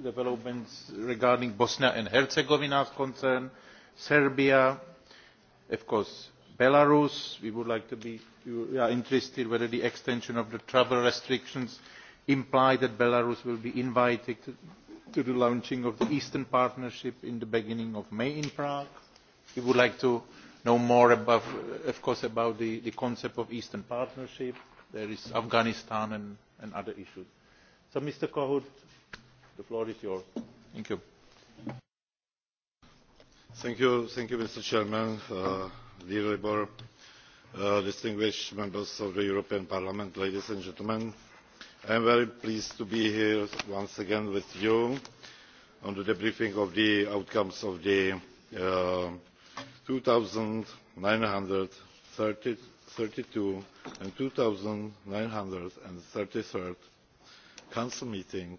developments regarding Bosnia and Herzegovina are concerned, Serbia, of course, Belarus. We would like to be we are interested whether the extension of the travel restrictions imply that Belarus will be invited to the launching of the Eastern Partnership in the beginning of May in Prague. We would like to know more, about, of course, about the, the concept of Eastern Partnership. There is Afghanistan and, other issues. So, Mr. Kohut, The floor is yours. Thank you. Thank you, thank you Mr. Chairman, uh, dear Labour, uh, distinguished members of the European Parliament, ladies and gentlemen. I am very pleased to be here once again with you on the debriefing of the outcomes of the uh, 2932 thirty two and two thousand nine hundred and thirty council meeting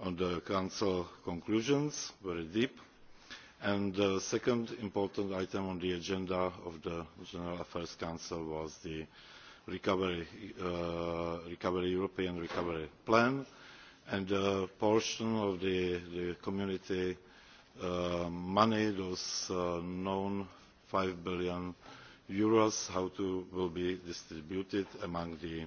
on the council conclusions very deep and the second important item on the agenda of the general affairs council was the recovery european recovery plan and the portion of the community money those known eur five billion how to will be distributed among the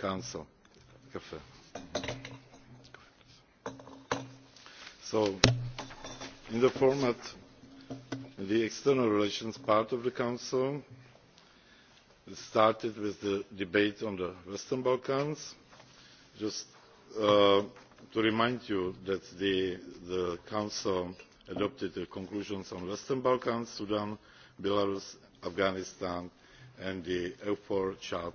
Council. So, in the format, the external relations part of the Council we started with the debate on the Western Balkans. Just to remind you that the, Council adopted the conclusions on the Western Balkans, Sudan, Belarus, Afghanistan, and the EUFOR Chart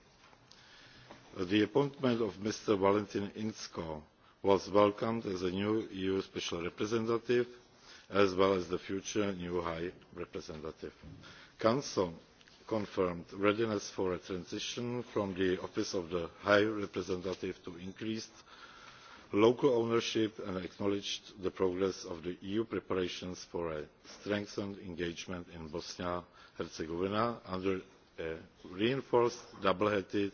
the appointment of mr valentin inzko was welcomed as a new eu special representative as well as the future new high representative. the council confirmed readiness for a transition from the office of the high representative to increased local ownership and acknowledged the progress of the eu preparations for a strengthened engagement in bosnia and herzegovina under a reinforced double headed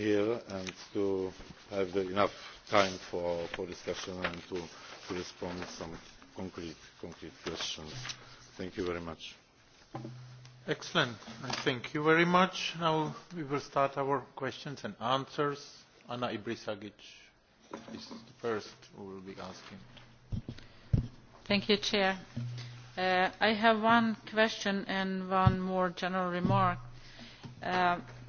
here and to have enough time for discussion and to respond to some concrete questions. Thank you very much. Excellent. Thank you very much. Now we will start our questions and answers. Anna Ibrisagic is the first who will be asking. Thank you, Chair. Uh, I have one question and one more general remark. Uh,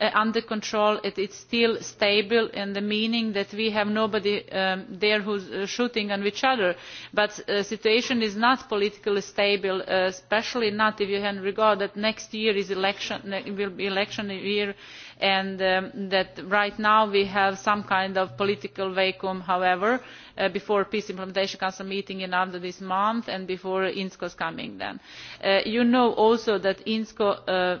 under control. It is still stable in the meaning that we have nobody there who is shooting at each other. But the situation is not politically stable, especially not if you have regard that next year is election, will be election year and that right now we have some kind of political vacuum however before the peace implementation council meeting in after this month and before INSCO is coming then. you know also that INSCO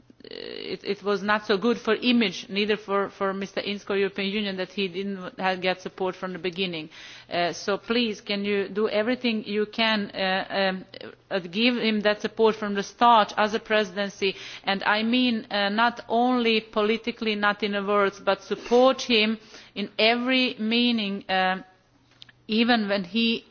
it, it was not so good for image, neither for, for Mr. the European Union, that he didn't not get support from the beginning. so please, can you do everything you can uh, um, give him that support from the start as a presidency? And I mean uh, not only politically, not in words, but support him in every meaning. of even when he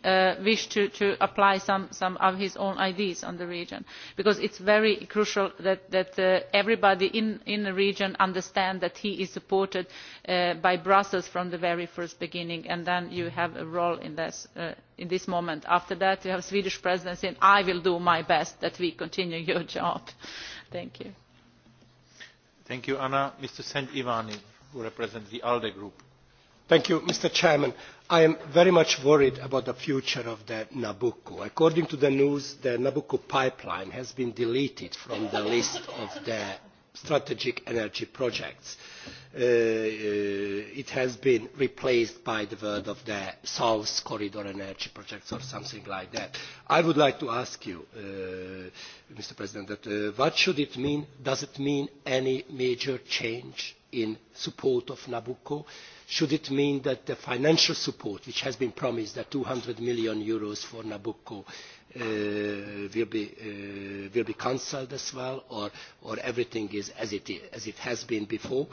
wished to apply some of his own ideas on the region because it is very crucial that everybody in the region understands that he is supported by brussels from the very first beginning and then you have a role in this moment. after that you have the swedish presidency and i will do my best that we continue your job. thank you. thank you anna. mr who represents the alde group mr president i am very much worried about the future of nabucco. according to the news the nabucco pipeline has been deleted from the list of the strategic energy projects. it has been replaced by the word of the south corridor energy projects or something like that. i would like to ask you mr president what should it mean? does it mean any major change in support of nabucco? should it mean that the financial support which has been promised that 200 million euros for Nabucco will be will be cancelled as well or or everything is as it is as it has been before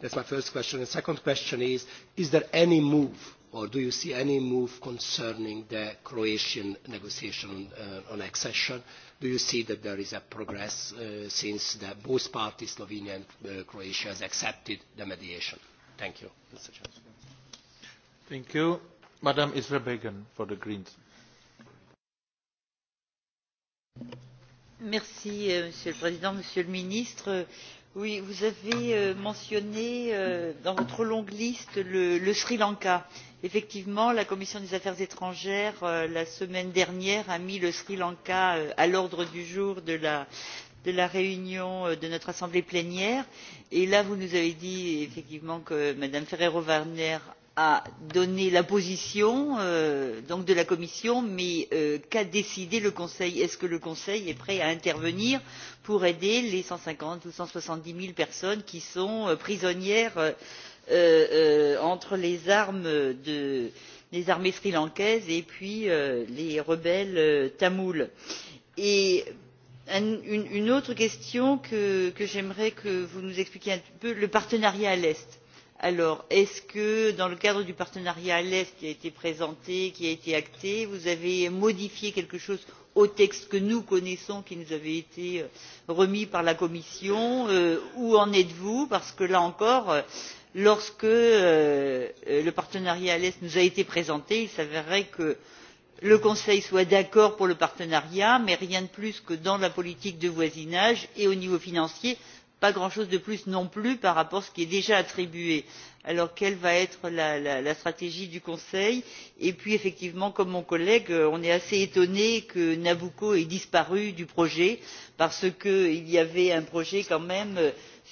that's my first question the second question is is there any move or do you see any move concerning the Croatian negotiation on accession do you see that there is a progress since both parties Slovenia and Croatia has accepted the mediation Thank you, Mr. for the Greens. Monsieur le Président, Monsieur le Ministre. Oui, vous avez mentionné dans votre longue liste le, Sri Lanka. Effectivement, la Commission des affaires étrangères, la semaine dernière, a mis le Sri Lanka à l'ordre du jour de la de la réunion de notre assemblée plénière et là vous nous avez dit effectivement que mme ferrero waldner a donné la position de la commission mais qu'a décidé le conseil? est ce que le conseil est prêt à intervenir pour aider les cent cinquante ou cent soixante dix zéro personnes qui sont prisonnières entre les armes des armées sri lankaises et les rebelles tamouls? une autre question que j'aimerais que vous nous expliquiez un petit peu le partenariat à l'est alors est ce que dans le cadre du partenariat à l'est qui a été présenté qui a été acté vous avez modifié quelque chose au texte que nous connaissons qui nous avait été remis par la commission où en êtes vous parce que là encore lorsque le partenariat à l'est nous a été présenté il s'avérait que le conseil soit d'accord pour le partenariat mais rien de plus que dans la politique de voisinage et au niveau financier pas grand chose de plus non plus par rapport à ce qui est déjà attribué. alors quelle va être la stratégie du conseil? et puis effectivement comme mon collègue on est assez étonnés que nabucco ait disparu du projet parce qu'il y avait un projet quand même qui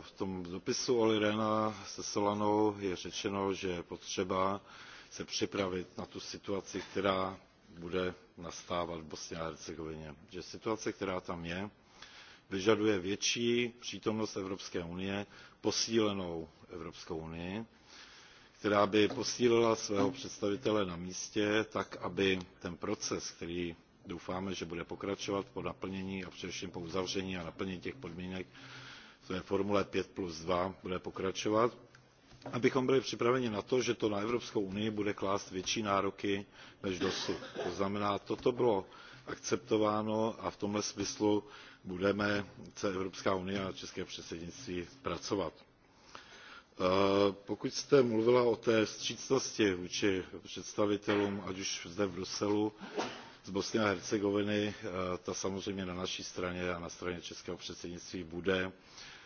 V tom dopisu Olli Rehna se Solanou je řečeno, že je potřeba se připravit na tu situaci, která bude nastávat v Bosně a Hercegovině. Že situace, která tam je, vyžaduje větší přítomnost Evropské unie, posílenou Evropskou unii, která by posílila svého představitele na místě tak, aby ten proces, který doufáme, že bude pokračovat po naplnění a především po uzavření a naplnění těch podmínek, ve formule 5 plus 2 bude pokračovat, abychom byli připraveni na to, že to na Evropskou unii bude klást větší nároky než dosud. To znamená, toto bylo akceptováno a v tomhle smyslu budeme se Evropská unie a České předsednictví pracovat. Pokud jste mluvila o té vstřícnosti vůči představitelům, ať už zde v Bruselu, z Bosny a Hercegoviny, ta samozřejmě na naší straně a na straně českého předsednictví bude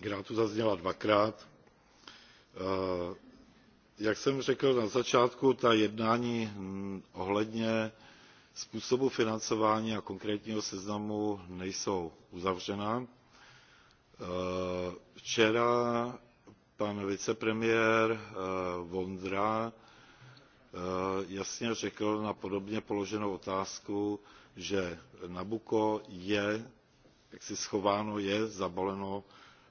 která tu zazněla dvakrát. Jak jsem řekl na začátku, ta jednání ohledně způsobu financování a konkrétního seznamu nejsou uzavřena. Včera pan vicepremiér Vondra jasně řekl na podobně položenou otázku, že Nabuko je, jak si schováno je, zabaleno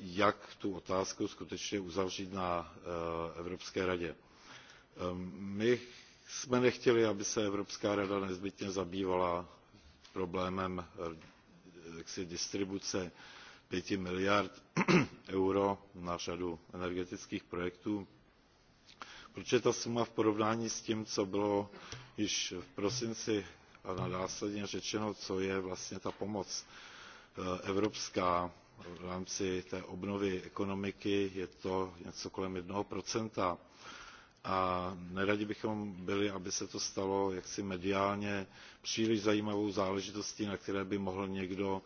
jak tu otázku skutečně uzavřít na Evropské radě. My jsme nechtěli, aby se Evropská rada nezbytně zabývala problémem distribuce pěti miliard euro na řadu energetických projektů, protože ta suma v porovnání s tím, co bylo již v prosinci a následně řečeno, co je vlastně ta pomoc evropská v rámci té obnovy ekonomiky je to něco kolem jednoho procenta a neradi bychom byli, aby se to stalo jaksi mediálně příliš zajímavou záležitostí, na které by mohl někdo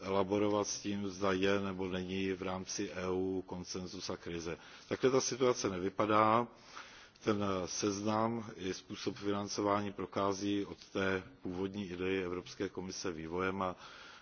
elaborovat s tím, zda je nebo není v rámci EU konsenzus a krize. Takhle ta situace nevypadá. Ten seznam i způsob financování prokází od té původní idei Evropské komise vývojem a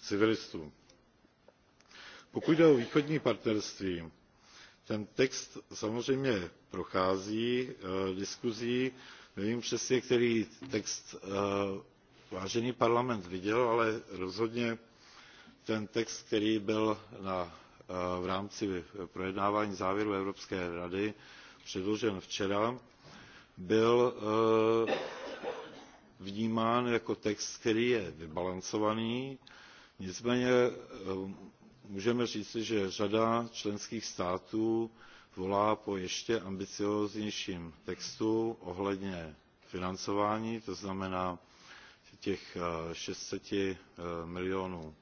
civilistů. Pokud jde o východní partnerství, ten text samozřejmě prochází diskuzí. Nevím přesně, který text vážený parlament viděl, ale rozhodně ten text, který byl v rámci projednávání závěru Evropské rady předložen včera, byl vnímán jako text, který je vybalancovaný, nicméně můžeme říci že řada členských států volá po ještě ambicióznějším textu ohledně financování to znamená těch 600 milionů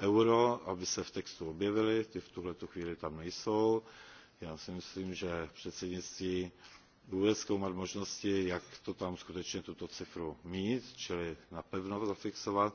euro, aby se v textu objevily, ty v tuhle chvíli tam nejsou. Já si myslím, že předsednictví bude zkoumat možnosti, jak to tam skutečně tuto cifru mít, čili napevno zafixovat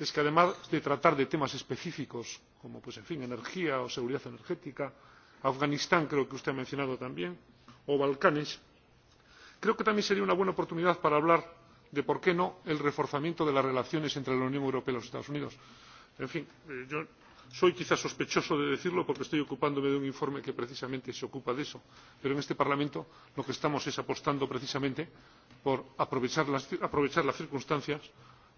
es que además de tratar de temas específicos como energía o seguridad energética afganistán creo que usted ha mencionado también o balcanes creo que también sería una buena oportunidad para hablar de por qué no del reforzamiento de las relaciones entre la unión europea y los estados unidos. en fin yo soy quizás sospechoso de decirlo porque estoy ocupándome de un informe que precisamente se ocupa de eso pero en este parlamento lo que estamos es apostando precisamente por aprovechar las circunstancias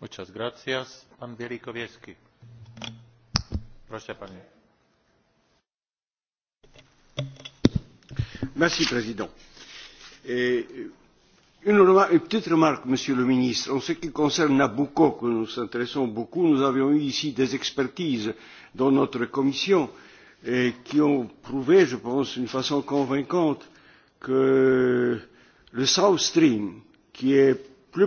monsieur le président une petite remarque monsieur le ministre en ce qui concerne nabucco que nous nous intéressons beaucoup nous avons eu ici des expertises dans notre commission qui ont prouvé je pense d'une façon convaincante que le south stream qui est plus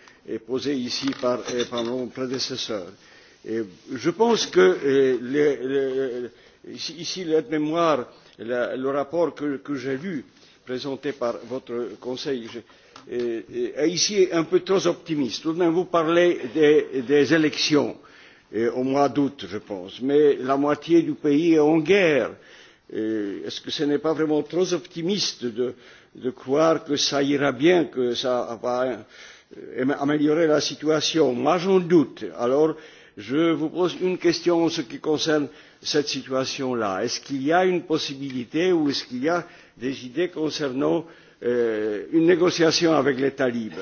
posée ici par, mon prédécesseur. je pense que ici l'aide mémoire, le rapport que, j'ai lu présenté par votre conseil est ici un peu trop optimiste. Tout de même, vous parlez des, élections au mois d'août, je pense, mais la moitié du pays est en guerre. Est-ce que ce n'est pas vraiment trop optimiste de, croire que ça ira bien, que ça va améliorer la situation. moi j'en doute. alors je vous pose une question en ce qui concerne cette situation là. est ce qu'il y a une possibilité ou est ce qu'il y a des idées concernant une négociation avec les talibans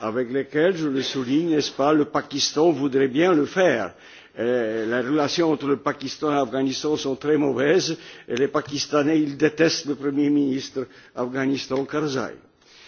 avec lesquels je le souligne n'est ce pas le pakistan voudrait bien le faire. les relations entre le pakistan et l'afghanistan sont très mauvaises et les pakistanais détestent le premier ministre afghanistan karzai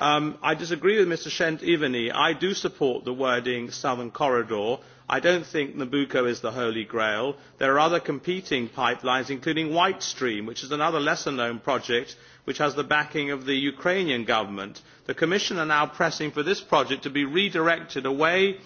i disagree with mr chentiveni. i do support the wording southern corridor'. i do not think nabucco is the holy grail. there are other competing pipelines including white stream which is another lesser known project which has the backing of the ukrainian government. the commission is now pressing for this project to be redirected away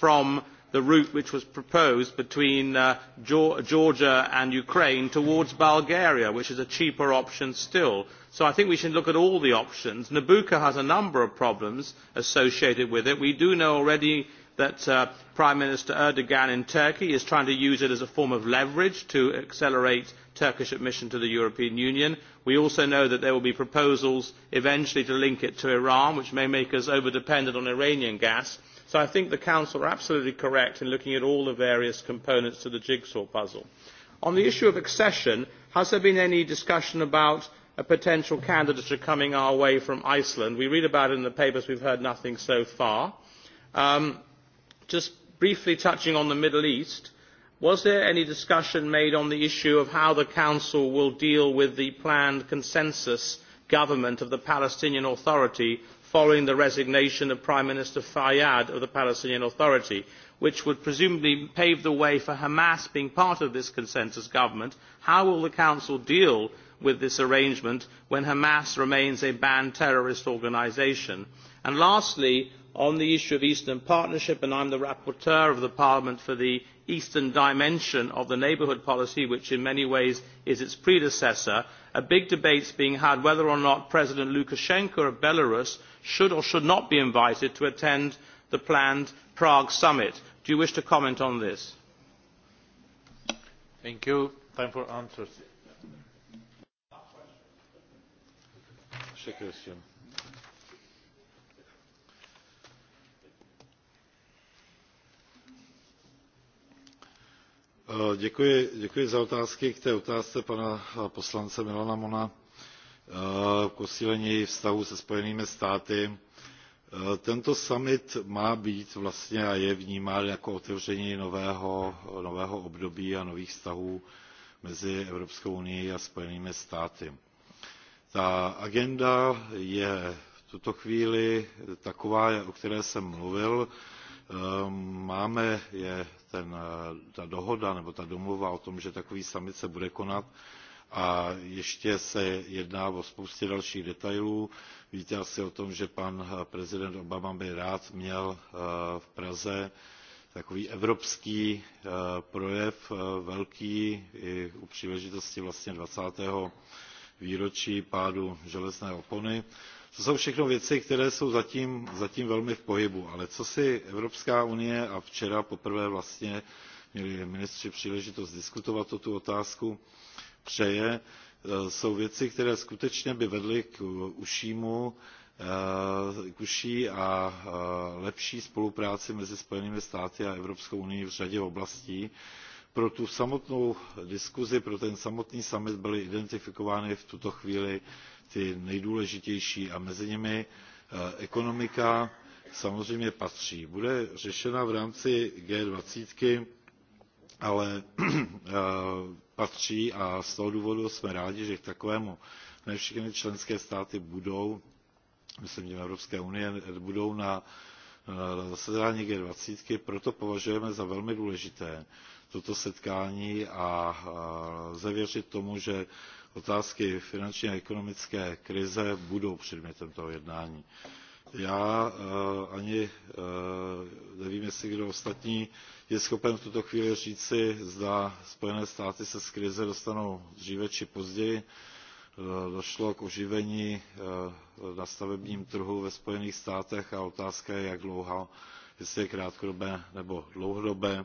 from the route which was proposed between georgia and ukraine towards bulgaria which is a cheaper option still so i think we should look at all the options. nabucco has a number of problems associated with it. we do know already that prime minister erdoan in turkey is trying to use it as a form of leverage to accelerate turkish admission to the european union. we also know that there will be proposals eventually to link it to iran which may make us over dependent on iranian gas. so i think the council are absolutely correct in looking at all the various components to the jigsaw puzzle. on the issue of accession has there been any discussion about a potential candidature coming our way from iceland. we read about it in the papers we have heard nothing so far. just briefly touching on the middle east was there any discussion made on the issue of how the council will deal with the planned consensus government of the palestinian authority following the resignation of prime minister fayyad of the palestinian authority which would presumably pave the way for hamas being part of this consensus government? how will the council deal with this arrangement when Hamas remains a banned terrorist organisation. And lastly, on the issue of Eastern Partnership, and I am the rapporteur of the Parliament for the Eastern dimension of the neighbourhood policy, which in many ways is its predecessor, a big debate is being had whether or not President Lukashenko of Belarus should or should not be invited to attend the planned Prague summit. Do you wish to comment on this? Děkuji za otázky. K té otázce pana poslance Milana Mona k posílení vztahu se Spojenými státy. Tento summit má být vlastně a je vnímán jako otevření nového období a nových vztahů mezi Evropskou unií a Spojenými státy Ta agenda je v tuto chvíli taková, o které jsem mluvil. Máme je ten, ta dohoda nebo ta domluva o tom, že takový summit se bude konat a ještě se jedná o spoustě dalších detailů. Víte asi o tom, že pan prezident Obama by rád měl v Praze takový evropský projev velký i u příležitosti vlastně 20 výročí pádu železné opony. To jsou všechno věci, které jsou zatím, velmi v pohybu. Ale co si Evropská unie a včera poprvé vlastně měli ministři příležitost diskutovat o tu otázku, přeje, jsou věci, které skutečně by vedly k k užší a lepší spolupráci mezi Spojenými státy a Evropskou unií v řadě oblastí pro tu samotnou diskuzi, pro ten samotný summit byly identifikovány v tuto chvíli ty nejdůležitější a mezi nimi ekonomika samozřejmě patří. Bude řešena v rámci g twenty ale patří a z toho důvodu jsme rádi, že k takovému ne všechny členské státy budou, myslím, že Evropské unie budou na zasedání g twenty proto považujeme za velmi důležité, toto setkání a zavěřit tomu, že otázky finanční a ekonomické krize budou předmětem toho jednání. Já ani nevím, jestli kdo ostatní je schopen v tuto chvíli říci, zda Spojené státy se z krize dostanou dříve či později. Došlo k oživení na stavebním trhu ve Spojených státech a otázka je, jak dlouho, jestli je krátkodobé nebo dlouhodobé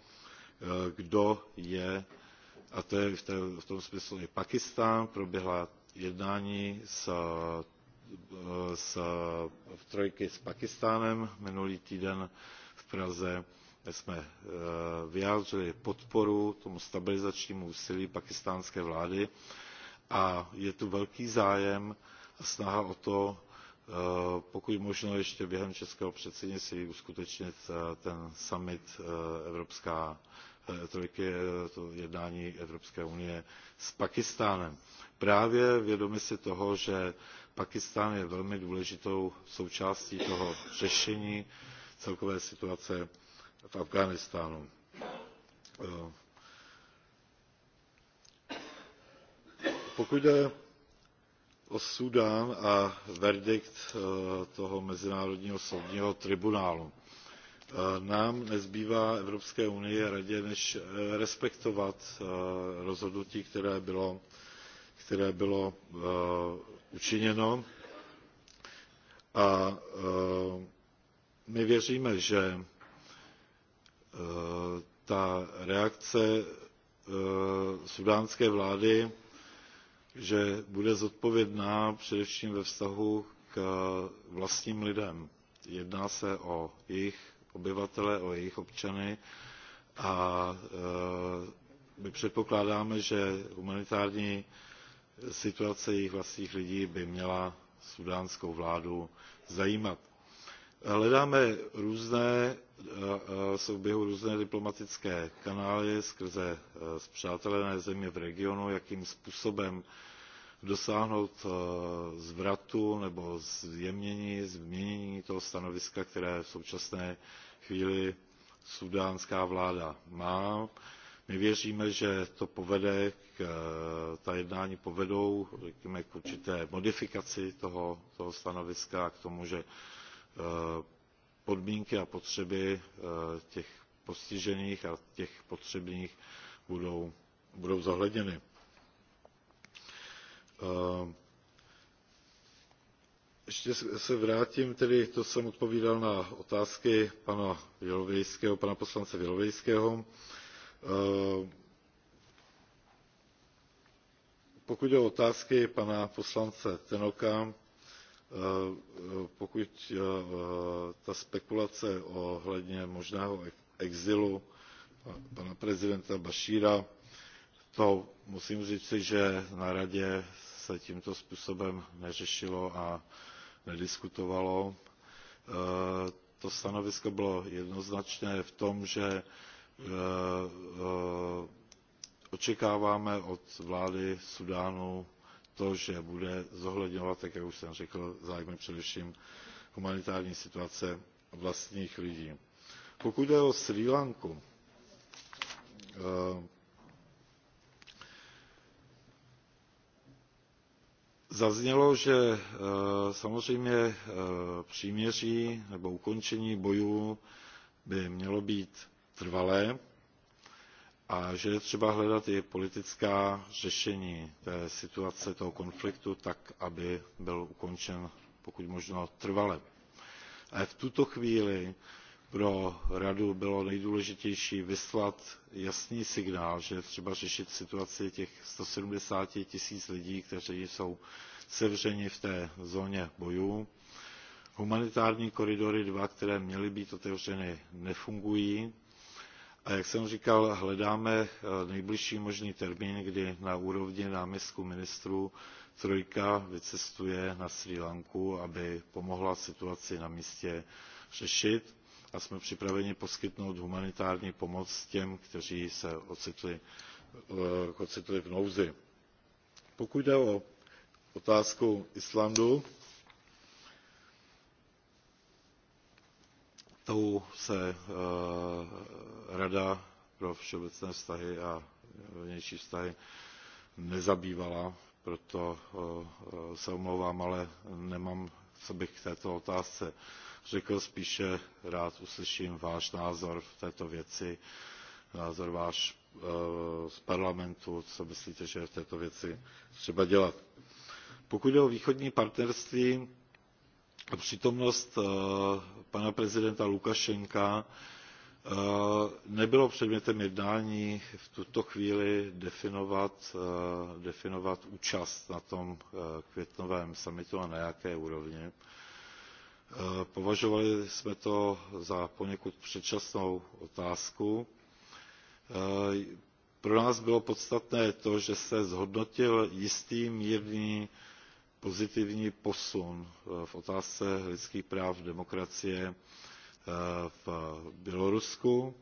kdo je, a to je v, té, v tom smyslu i Pakistán, proběhla jednání s, s, v trojky s Pakistánem minulý týden v Praze jsme vyjádřili podporu tomu stabilizačnímu úsilí pakistánské vlády a je tu velký zájem a snaha o to, pokud možno ještě během českého předsednictví uskutečnit ten summit Evropská trojky to jednání Evropské unie s Pakistánem. Právě vědomi si toho, že Pakistán je velmi důležitou součástí toho řešení celkové situace v Afghánistánu. Pokud jde o Súdán a verdikt toho Mezinárodního soudního tribunálu, nám nezbývá Evropské unii a radě, než respektovat rozhodnutí, které bylo, které bylo učiněno. A my věříme, že ta reakce sudánské vlády že bude zodpovědná především ve vztahu k vlastním lidem. Jedná se o jejich obyvatele, o jejich občany a my předpokládáme, že humanitární situace jejich vlastních lidí by měla sudánskou vládu zajímat. Hledáme různé, jsou různé diplomatické kanály skrze zpřátelené země v regionu, jakým způsobem dosáhnout zvratu nebo zjemnění, změnění toho stanoviska, které v současné chvíli sudánská vláda má. My věříme, že to povede, k, ta jednání povedou řekněme, k určité modifikaci toho, toho stanoviska k tomu, že podmínky a potřeby těch postižených a těch potřebných budou, budou zohledněny Ještě se vrátím, tedy to jsem odpovídal na otázky pana Vělovejského, pana poslance Vělovejského. Pokud je o otázky pana poslance Tenoka, pokud ta spekulace ohledně možného exilu pana prezidenta Bašíra, to musím říci, že na radě se tímto způsobem neřešilo a nediskutovalo. To stanovisko bylo jednoznačné v tom, že očekáváme od vlády Sudánu to, že bude zohledňovat, tak jak už jsem řekl, zájmy především humanitární situace vlastních lidí. Pokud jde o Sri Lanku, Zaznělo, že samozřejmě příměří nebo ukončení bojů by mělo být trvalé a že je třeba hledat i politická řešení té situace, toho konfliktu, tak, aby byl ukončen pokud možno trvale. Ale v tuto chvíli pro radu bylo nejdůležitější vyslat jasný signál, že je třeba řešit situaci těch 170 tisíc lidí, kteří jsou sevřeni v té zóně bojů. Humanitární koridory dva, které měly být otevřeny, nefungují. A jak jsem říkal, hledáme nejbližší možný termín, kdy na úrovni náměstku ministrů Trojka vycestuje na Sri Lanku, aby pomohla situaci na místě řešit a jsme připraveni poskytnout humanitární pomoc těm, kteří se ocitli v nouzi. Pokud jde o otázku Islandu, tou se Rada pro všeobecné vztahy a vnější vztahy nezabývala, proto se omlouvám, ale nemám, co bych k této otázce řekl, spíše rád uslyším váš názor v této věci, názor váš z parlamentu, co myslíte, že je v této věci třeba dělat. Pokud jde o východní partnerství, přítomnost pana prezidenta Lukašenka nebylo předmětem jednání v tuto chvíli definovat účast na tom květnovém summitu a na jaké úrovni Považovali jsme to za poněkud předčasnou otázku. Pro nás bylo podstatné to, že se zhodnotil jistý mírný pozitivní posun v otázce lidských práv demokracie v Bělorusku.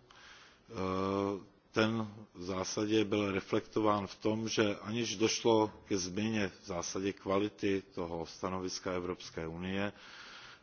Ten v zásadě byl reflektován v tom, že aniž došlo ke změně v zásadě kvality toho stanoviska Evropské unie,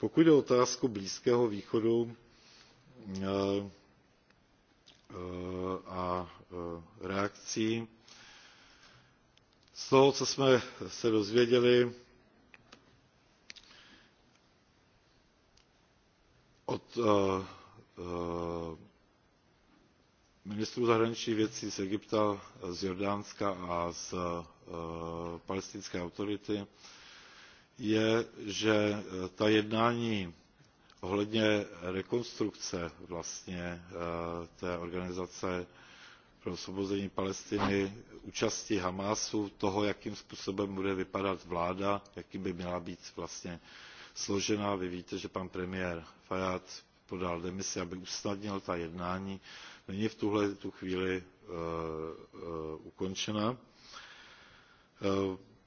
Pokud je otázku Blízkého východu a reakcí, z toho, co jsme se dozvěděli od ministrů zahraničních věcí z Egypta, z Jordánska a z palestinské autority, je, že ta jednání ohledně rekonstrukce vlastně té organizace pro osvobození Palestiny, účasti Hamásu, toho, jakým způsobem bude vypadat vláda, jaký by měla být vlastně složena. Vy víte, že pan premiér Fayad podal demisi, aby usnadnil ta jednání. Není v tuhle tu chvíli ukončena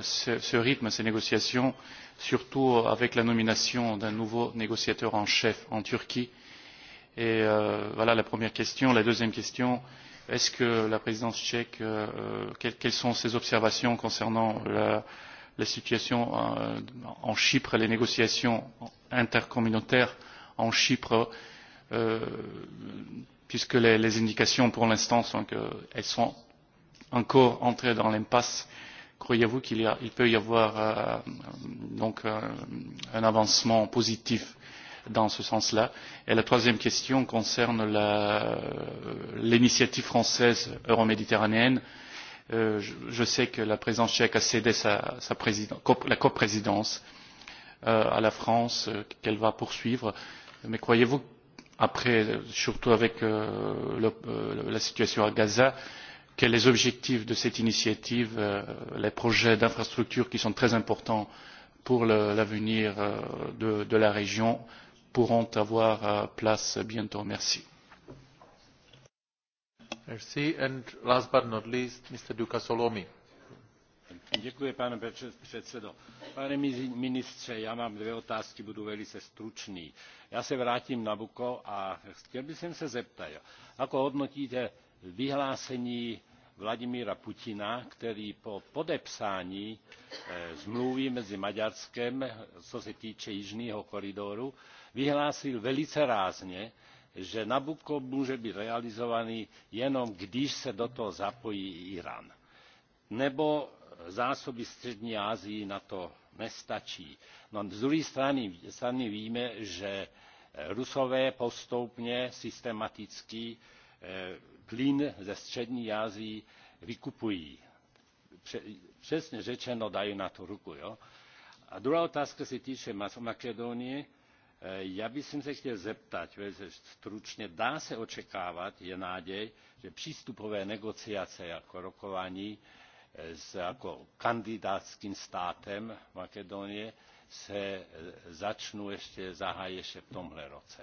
ce, rythme, ces négociations, surtout avec la nomination d'un nouveau négociateur en chef en Turquie. voilà la première question. La deuxième question, est-ce que la présidence tchèque, quelles, sont ses observations concernant la, situation en Chypre, les négociations intercommunautaires en Chypre puisque les, indications pour l'instant sont qu'elles sont encore entrées dans l'impasse croyez-vous qu'il peut y avoir donc un avancement positif dans ce sens-là Et la troisième question concerne l'initiative française euroméditerranéenne. je sais que la présidence tchèque a cédé sa, sa la coprésidence à la France, qu'elle va poursuivre. Mais croyez-vous, après, surtout avec la situation à Gaza, que les objectifs de cette initiative, les projets d'infrastructures qui sont très importants pour l'avenir de, la région pourront avoir place bientôt. Merci. pane předsedající pane ministře já mám dvě otázky budu velice stručný. já se vrátím na Buko a chtěl bych se zeptat jak hodnotíte vyhlásení Vladimíra Putina, který po podepsání zmluvy mezi Maďarskem, co se týče Jižního koridoru, vyhlásil velice rázně, že Nabucco může být realizovaný jenom, když se do toho zapojí Irán. Nebo zásoby střední Ázii na to nestačí. No, z druhé strany, strany víme, že Rusové postupně systematicky plyn ze střední Asii vykupují. Přesně řečeno dají na to ruku. Jo? A druhá otázka se týče Makedonie. Já bych se chtěl zeptat, velice stručně, dá se očekávat, je náděj, že přístupové negociace jako rokování s jako kandidátským státem Makedonie se začnou ještě, zahájí ještě v tomhle roce.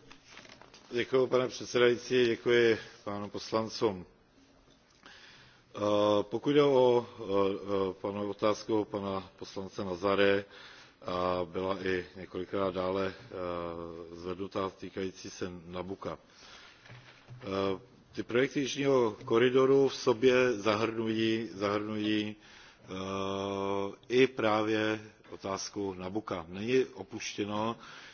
Děkuji, pane předsedající, děkuji pánu poslancům. Pokud jde o otázku pana poslance Nazare, a byla i několikrát dále zvednutá týkající se nabucca. Ty projekty Jižního koridoru v sobě zahrnují, i právě otázku nabucca. Není opuštěno,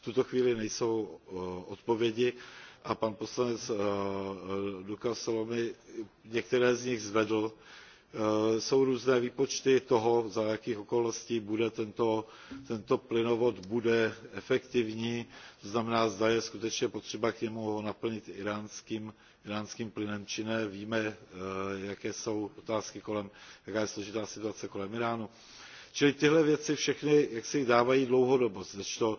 v tuto chvíli nejsou odpovědi a pan poslanec luca salomon některé z nich zvedl. jsou různé výpočty toho za jakých okolností bude tento plynovod efektivní to znamená zda je skutečně potřeba k němu ho naplnit íránským plynem či ne. víme jaké jsou otázky kolem jaká je složitá situace kolem íránu. čili tyhle věci všechny jaksi dávají dlouhodobost kdežto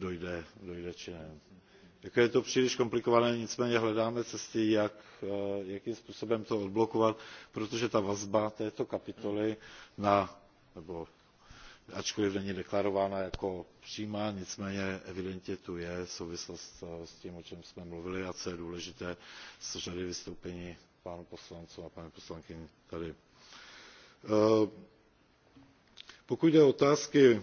dojde, dojde či ne. Jako je to příliš komplikované, nicméně hledáme cesty, jak, jakým způsobem to odblokovat, protože ta vazba této kapitoly na, nebo ačkoliv není deklarována jako přímá, nicméně evidentně tu je souvislost s tím, o čem jsme mluvili a co je důležité z řady vystoupení pánu poslanců a paní poslankyni tady. Pokud jde o otázky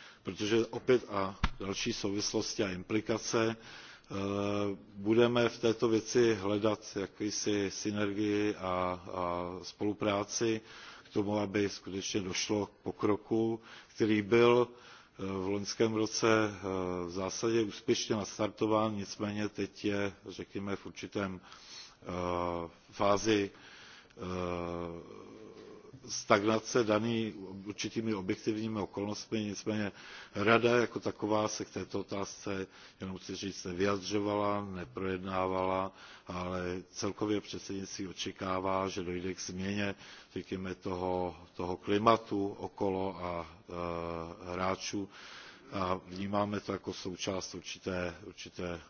protože opět a další souvislosti a implikace budeme v této věci hledat jakousi synergii a spolupráci k tomu aby skutečně došlo k pokroku který byl v loňském roce v zásadě úspěšně nastartován nicméně teď je řekněme v určité fázi stagnace daný určitými objektivními okolnostmi nicméně rada jako taková se k této otázce jenom chci říct nevyjadřovala neprojednávala ale celkově předsednictví očekává že dojde k změně řekněme toho klimatu okolo a hráčů a vnímáme to jako součást určité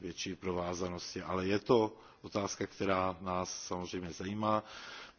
větší provázanosti ale je to otázka která nás samozřejmě zajímá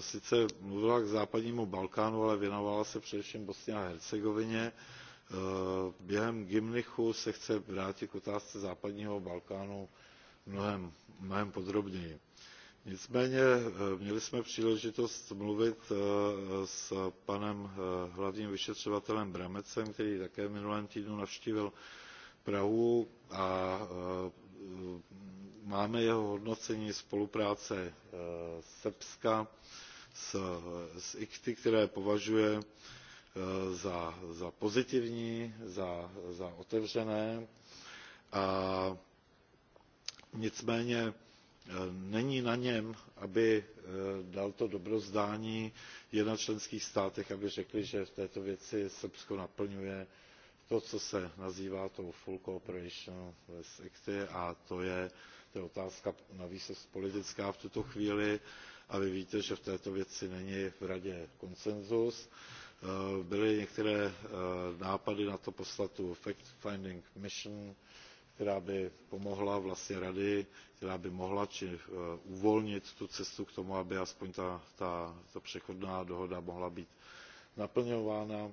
sice mluvila k západnímu Balkánu, ale věnovala se především Bosně a Hercegovině. Během Gimnichu se chce vrátit k otázce západního Balkánu mnohem, mnohem podrobněji. Nicméně měli jsme příležitost mluvit s panem hlavním vyšetřovatelem Bramecem, který také v minulém týdnu navštívil Prahu a máme jeho hodnocení spolupráce Srbska s, s ICTY, které považuje za, za pozitivní, za, za otevřené. A nicméně není na něm, aby dal to dobrozdání je na členských státech, aby řekli, že v této věci Srbsko naplňuje to, co se nazývá tou full cooperation with acty, a to je, to je otázka navíc politická v tuto chvíli a vy víte, že v této věci není v radě konsenzus. Byly některé nápady na to poslatu fact-finding mission, která by pomohla vlastně rady, která by mohla či uvolnit tu cestu k tomu, aby aspoň ta, ta, ta přechodná dohoda mohla být naplňována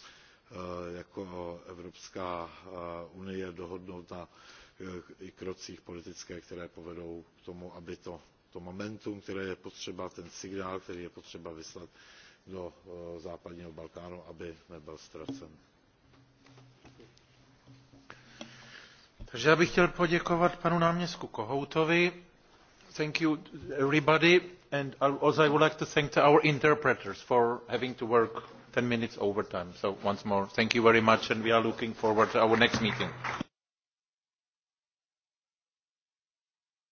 jako Evropská unie dohodnout na krocích politické, které povedou k tomu, aby to, to momentum, které je potřeba, ten signál, který je potřeba vyslat do západního Balkánu, aby nebyl ztracen. Takže já bych chtěl poděkovat panu náměstku Kohoutovi. Thank you everybody and also I would like to thank our interpreters for having to work ten minutes time, So once more, thank you very much, and we are looking forward to our next meeting.